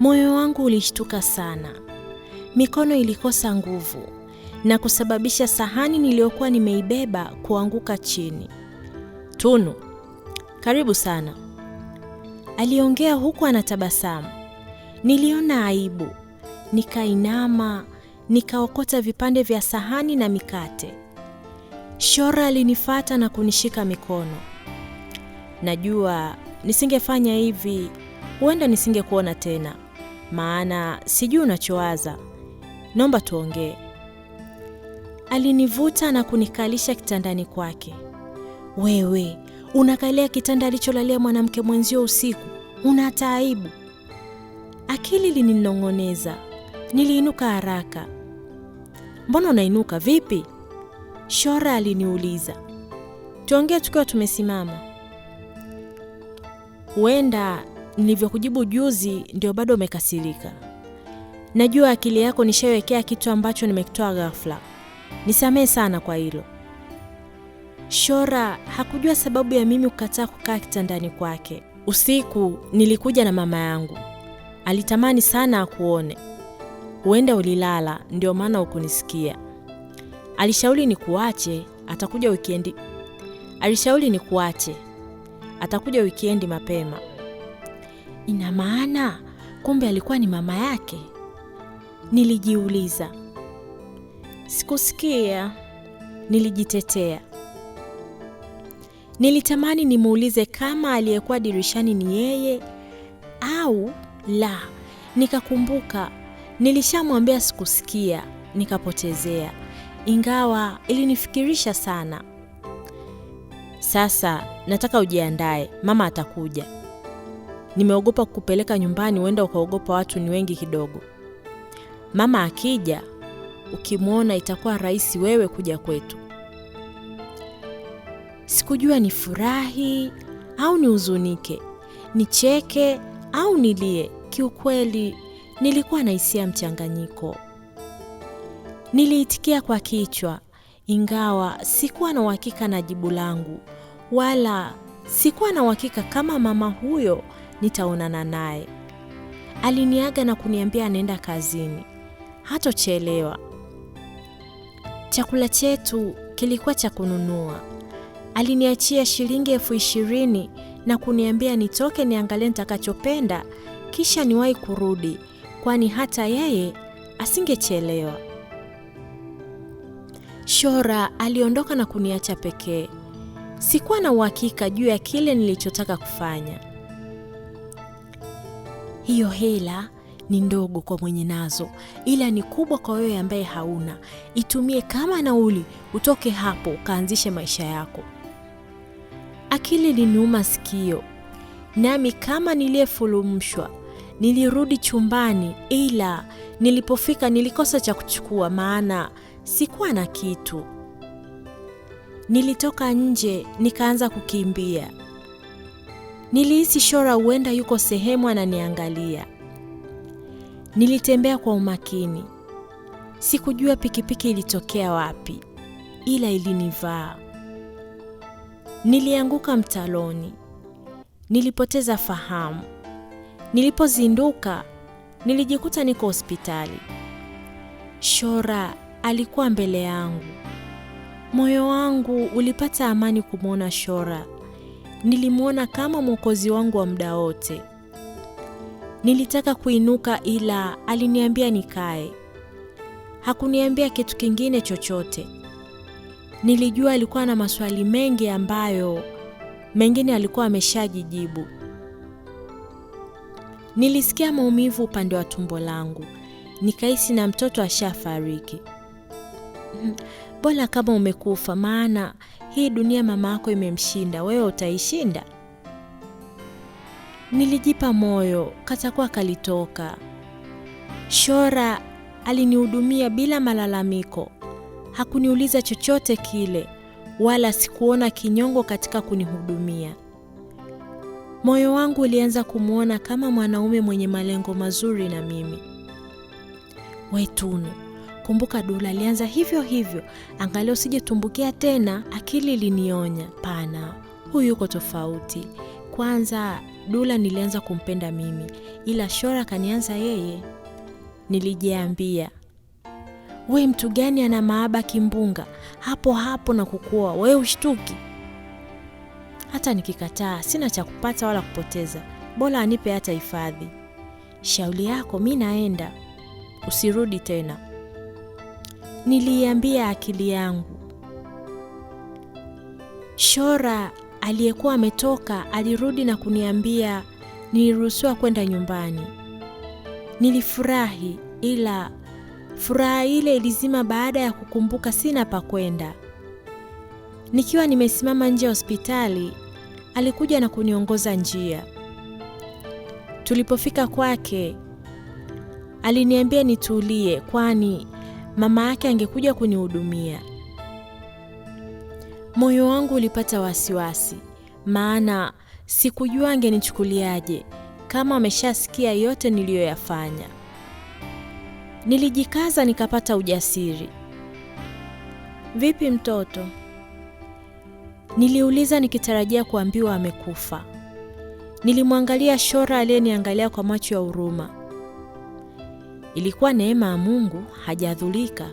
Moyo wangu ulishtuka sana, mikono ilikosa nguvu na kusababisha sahani niliyokuwa nimeibeba kuanguka chini. Tunu, karibu sana, aliongea huku anatabasamu. Niliona aibu, nikainama, nikaokota vipande vya sahani na mikate. Shora alinifata na kunishika mikono. Najua nisingefanya hivi, huenda nisingekuona tena maana sijui unachowaza, naomba tuongee. Alinivuta na kunikalisha kitandani kwake. Wewe unakalia kitanda alicholalia mwanamke mwenzio usiku, una taaibu Akili lininong'oneza. Niliinuka haraka. Mbona unainuka vipi? Shora aliniuliza. Tuongee tukiwa tumesimama. Huenda nilivyokujibu juzi ndio bado umekasirika. Najua akili yako nishaiwekea kitu ambacho nimekitoa ghafla. Nisamehe sana kwa hilo. Shora hakujua sababu ya mimi kukataa kukaa kitandani kwake. Usiku nilikuja na mama yangu, alitamani sana akuone. Huenda ulilala, ndio maana ukunisikia Alishauri nikuache, atakuja wikendi. Alishauri nikuache, atakuja wikendi mapema. Ina maana kumbe alikuwa ni mama yake? Nilijiuliza. Sikusikia, nilijitetea. Nilitamani nimuulize kama aliyekuwa dirishani ni yeye au la. Nikakumbuka nilishamwambia sikusikia, nikapotezea, ingawa ilinifikirisha sana. Sasa nataka ujiandae, mama atakuja nimeogopa kukupeleka nyumbani, huenda ukaogopa watu ni wengi kidogo. Mama akija ukimwona, itakuwa rahisi wewe kuja kwetu. Sikujua ni furahi au nihuzunike, nicheke au nilie. Kiukweli nilikuwa na hisia mchanganyiko. Niliitikia kwa kichwa, ingawa sikuwa na uhakika na jibu langu, wala sikuwa na uhakika kama mama huyo nitaonana naye. Aliniaga na kuniambia anaenda kazini, hatochelewa. Chakula chetu kilikuwa cha kununua. Aliniachia shilingi elfu ishirini na kuniambia nitoke niangalie nitakachopenda kisha niwahi kurudi, kwani hata yeye asingechelewa. Shora aliondoka na kuniacha pekee. Sikuwa na uhakika juu ya kile nilichotaka kufanya hiyo hela ni ndogo kwa mwenye nazo, ila ni kubwa kwa wewe ambaye hauna. Itumie kama nauli, utoke hapo ukaanzishe maisha yako. Akili liniuma sikio, nami kama niliyefulumshwa nilirudi chumbani, ila nilipofika nilikosa cha kuchukua, maana sikuwa na kitu. Nilitoka nje nikaanza kukimbia. Nilihisi Shora huenda yuko sehemu ananiangalia. Nilitembea kwa umakini, sikujua pikipiki ilitokea wapi, ila ilinivaa. Nilianguka mtaloni, nilipoteza fahamu. Nilipozinduka nilijikuta niko hospitali. Shora alikuwa mbele yangu. Moyo wangu ulipata amani kumwona Shora nilimwona kama mwokozi wangu wa muda wote. Nilitaka kuinuka, ila aliniambia nikae. Hakuniambia kitu kingine chochote. Nilijua alikuwa na maswali mengi ambayo mengine alikuwa ameshajijibu. Nilisikia maumivu upande wa tumbo langu, nikahisi na mtoto ashafariki. Hmm, bora kama umekufa, maana hii dunia mama yako imemshinda, wewe utaishinda? Nilijipa moyo, katakuwa kalitoka. Shora alinihudumia bila malalamiko, hakuniuliza chochote kile, wala sikuona kinyongo katika kunihudumia. Moyo wangu ulianza kumwona kama mwanaume mwenye malengo mazuri na mimi. Waitunu Kumbuka Dula alianza hivyo hivyo, angalia usijetumbukia tena, akili ilinionya. Pana, huyu yuko tofauti. Kwanza Dula nilianza kumpenda mimi, ila Shora kanianza yeye. Nilijiambia, we mtu gani ana maaba kimbunga, hapo hapo na kukuoa we ushtuki. Hata nikikataa sina cha kupata wala kupoteza, bora anipe hata hifadhi. Shauli yako, mi naenda, usirudi tena niliiambia akili yangu. Shora aliyekuwa ametoka alirudi na kuniambia niliruhusiwa kwenda nyumbani. Nilifurahi, ila furaha ile ilizima baada ya kukumbuka sina pa kwenda. Nikiwa nimesimama nje ya hospitali, alikuja na kuniongoza njia. Tulipofika kwake, aliniambia nitulie, kwani mama yake angekuja kunihudumia. Moyo wangu ulipata wasiwasi, maana sikujua angenichukuliaje kama ameshasikia yote niliyoyafanya. Nilijikaza nikapata ujasiri. Vipi mtoto? Niliuliza nikitarajia kuambiwa amekufa. Nilimwangalia Shora aliyeniangalia kwa macho ya huruma. Ilikuwa neema ya Mungu hajadhulika.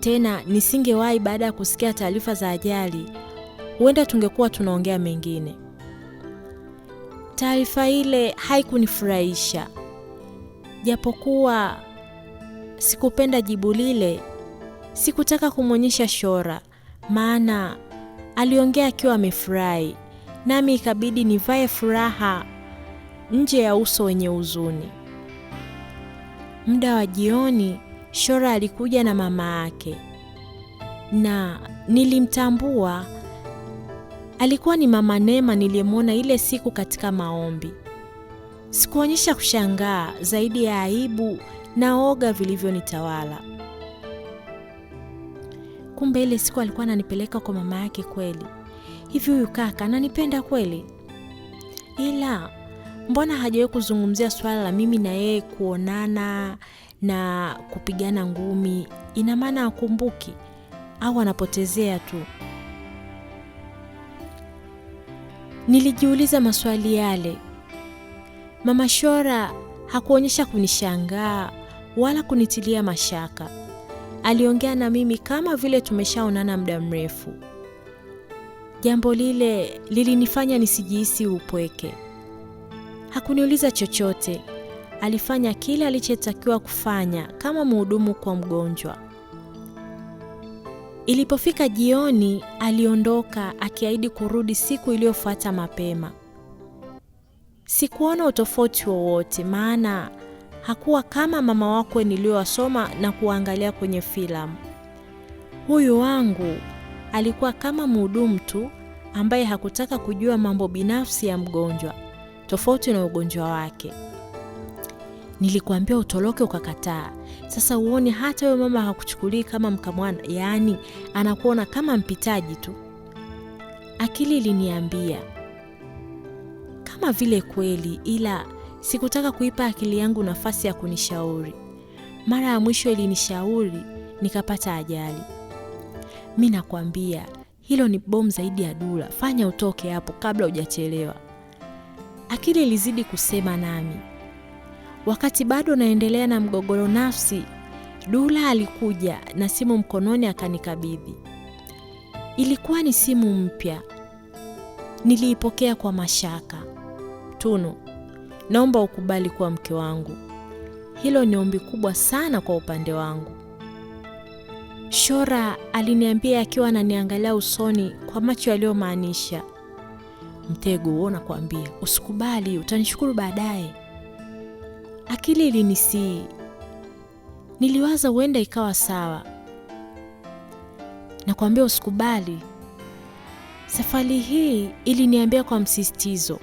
Tena nisingewahi baada ya kusikia taarifa za ajali, huenda tungekuwa tunaongea mengine. Taarifa ile haikunifurahisha, japokuwa sikupenda jibu lile. Sikutaka kumwonyesha Shora, maana aliongea akiwa amefurahi, nami ikabidi nivae furaha nje ya uso wenye huzuni. Muda wa jioni, Shora alikuja na mama yake, na nilimtambua alikuwa ni mama Neema niliyemwona ile siku katika maombi. Sikuonyesha kushangaa zaidi ya aibu na oga vilivyonitawala. Kumbe ile siku alikuwa ananipeleka kwa mama yake kweli. Hivi huyu kaka ananipenda kweli? Ila mbona hajawai kuzungumzia swala la mimi na yeye kuonana na kupigana ngumi? Ina maana akumbuki au anapotezea tu? Nilijiuliza maswali yale. Mama Shora hakuonyesha kunishangaa wala kunitilia mashaka. Aliongea na mimi kama vile tumeshaonana muda mrefu. Jambo lile lilinifanya nisijihisi upweke. Hakuniuliza chochote, alifanya kile alichotakiwa kufanya kama mhudumu kwa mgonjwa. Ilipofika jioni, aliondoka akiahidi kurudi siku iliyofuata mapema. Sikuona utofauti wowote, maana hakuwa kama mama wakwe niliyowasoma na kuwaangalia kwenye filamu. Huyu wangu alikuwa kama mhudumu tu ambaye hakutaka kujua mambo binafsi ya mgonjwa tofauti na ugonjwa wake. Nilikuambia utoroke ukakataa. Sasa uone hata huyo mama hakuchukulii kama mkamwana, yaani anakuona kama mpitaji tu. Akili iliniambia kama vile kweli, ila sikutaka kuipa akili yangu nafasi ya kunishauri. Mara ya mwisho ilinishauri nikapata ajali. Mi nakwambia hilo ni bomu zaidi ya dula. Fanya utoke hapo kabla hujachelewa. Akili ilizidi kusema nami. Wakati bado naendelea na mgogoro nafsi, Dula alikuja na simu mkononi akanikabidhi. Ilikuwa ni simu mpya. Niliipokea kwa mashaka. Tunu, naomba ukubali kuwa mke wangu. Hilo ni ombi kubwa sana kwa upande wangu. Shora aliniambia akiwa ananiangalia usoni kwa macho yaliyomaanisha mtego huo, kuambia usikubali, utanishukuru baadaye. Akili ilinisii, niliwaza huenda ikawa sawa. na kuambia usikubali. Safari hii iliniambia kwa msisitizo,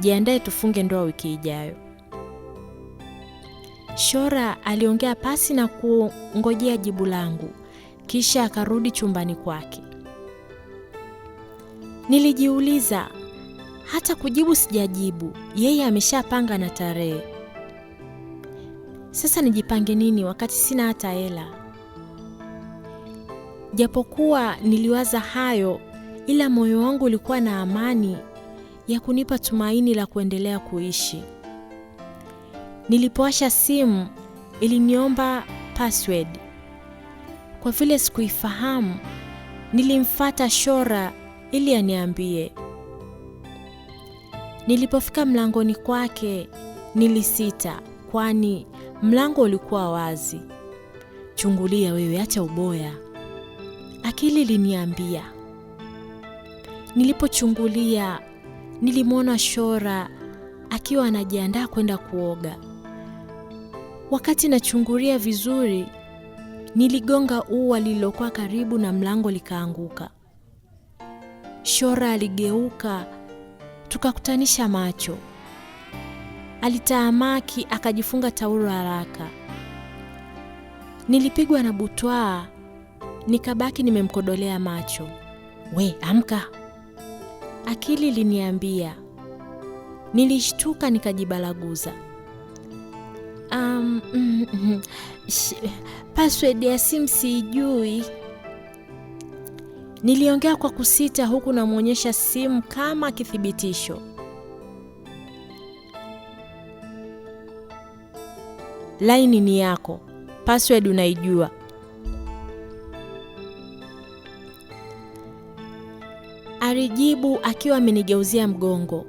jiandae, tufunge ndoa wiki ijayo. Shora aliongea pasi na kungojea jibu langu, kisha akarudi chumbani kwake. Nilijiuliza, hata kujibu sijajibu, yeye ameshapanga na tarehe. Sasa nijipange nini wakati sina hata hela? Japokuwa niliwaza hayo, ila moyo wangu ulikuwa na amani ya kunipa tumaini la kuendelea kuishi. Nilipowasha simu iliniomba password. Kwa vile sikuifahamu, nilimfata Shora ili aniambie. Nilipofika mlangoni kwake nilisita, kwani mlango ulikuwa wazi. Chungulia wewe, acha uboya, akili iliniambia. Nilipochungulia nilimwona Shora akiwa anajiandaa kwenda kuoga. Wakati nachungulia vizuri, niligonga ua lililokuwa karibu na mlango likaanguka. Shora aligeuka, tukakutanisha macho. Alitaamaki, akajifunga taulo haraka. Nilipigwa na butwaa, nikabaki nimemkodolea macho. We amka, akili iliniambia. Nilishtuka, nikajibalaguza. Um, mm, mm, mm. password ya simu siijui. Niliongea kwa kusita, huku namwonyesha simu kama kithibitisho. Laini ni yako, password unaijua. Alijibu akiwa amenigeuzia mgongo.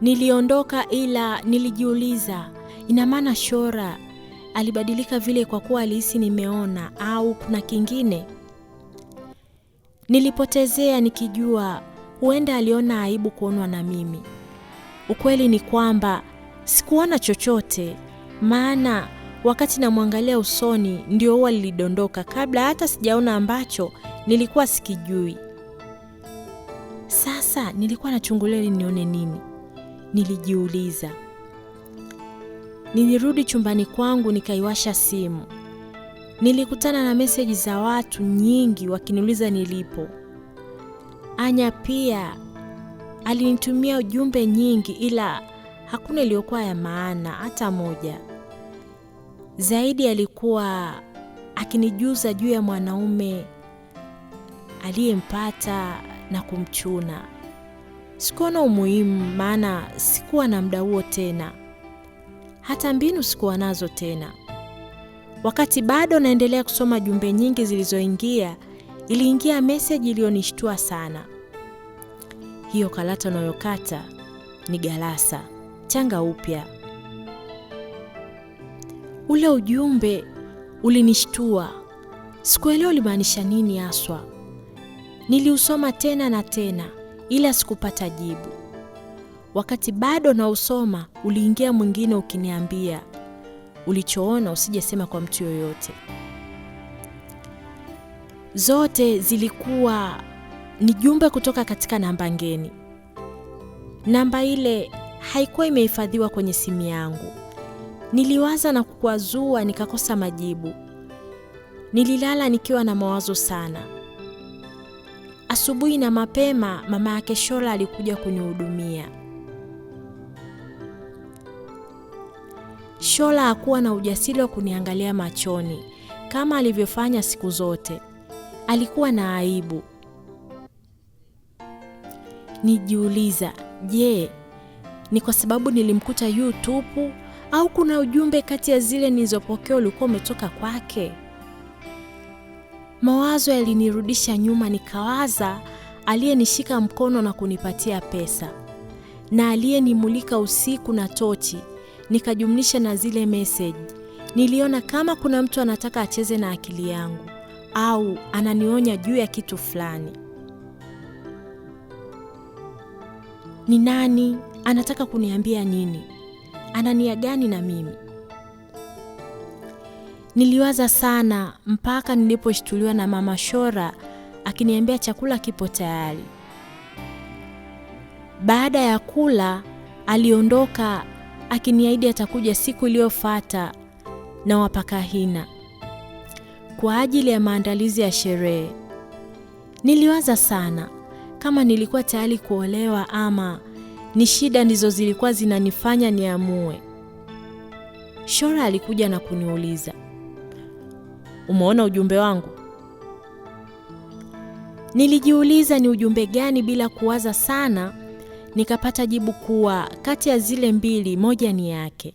Niliondoka ila nilijiuliza, ina maana Shora alibadilika vile kwa kuwa alihisi nimeona au kuna kingine? Nilipotezea nikijua huenda aliona aibu kuonwa na mimi. Ukweli ni kwamba sikuona chochote, maana wakati namwangalia usoni ndio huwa lilidondoka kabla hata sijaona ambacho nilikuwa sikijui. Sasa nilikuwa nachungulia ili nione nini, nilijiuliza. Nilirudi chumbani kwangu nikaiwasha simu. Nilikutana na meseji za watu nyingi wakiniuliza nilipo. Anya pia alinitumia ujumbe nyingi, ila hakuna iliyokuwa ya maana hata moja. Zaidi alikuwa akinijuza juu ya mwanaume aliyempata na kumchuna. Sikuona umuhimu, maana sikuwa na muda huo tena, hata mbinu sikuwa nazo tena. Wakati bado naendelea kusoma jumbe nyingi zilizoingia, iliingia meseji iliyonishtua sana. Hiyo kalata unayokata ni galasa, changa upya. Ule ujumbe ulinishtua, sikuelewa ulimaanisha nini haswa. Niliusoma tena na tena, ila sikupata jibu. Wakati bado nausoma, uliingia mwingine ukiniambia ulichoona usijasema kwa mtu yoyote. Zote zilikuwa ni jumbe kutoka katika namba ngeni. Namba ile haikuwa imehifadhiwa kwenye simu yangu. Niliwaza na kukwazua, nikakosa majibu. Nililala nikiwa na mawazo sana. Asubuhi na mapema, mama yake Shola alikuja kunihudumia. Shola hakuwa na ujasiri wa kuniangalia machoni kama alivyofanya siku zote. Alikuwa na aibu. Nijiuliza, je, ni kwa sababu nilimkuta yu tupu au kuna ujumbe kati ya zile nilizopokea ulikuwa umetoka kwake? Mawazo yalinirudisha nyuma, nikawaza aliyenishika mkono na kunipatia pesa na aliyenimulika usiku na tochi nikajumlisha na zile meseji. Niliona kama kuna mtu anataka acheze na akili yangu au ananionya juu ya kitu fulani. Ni nani? Anataka kuniambia nini? Ana nia gani na mimi? Niliwaza sana mpaka niliposhtuliwa na mama Shora akiniambia chakula kipo tayari. Baada ya kula aliondoka akiniahidi atakuja siku iliyofuata na wapaka hina kwa ajili ya maandalizi ya sherehe. Niliwaza sana kama nilikuwa tayari kuolewa ama ni shida ndizo zilikuwa zinanifanya niamue. Shora alikuja na kuniuliza, umeona ujumbe wangu? Nilijiuliza ni ujumbe gani bila kuwaza sana nikapata jibu kuwa kati ya zile mbili moja ni yake.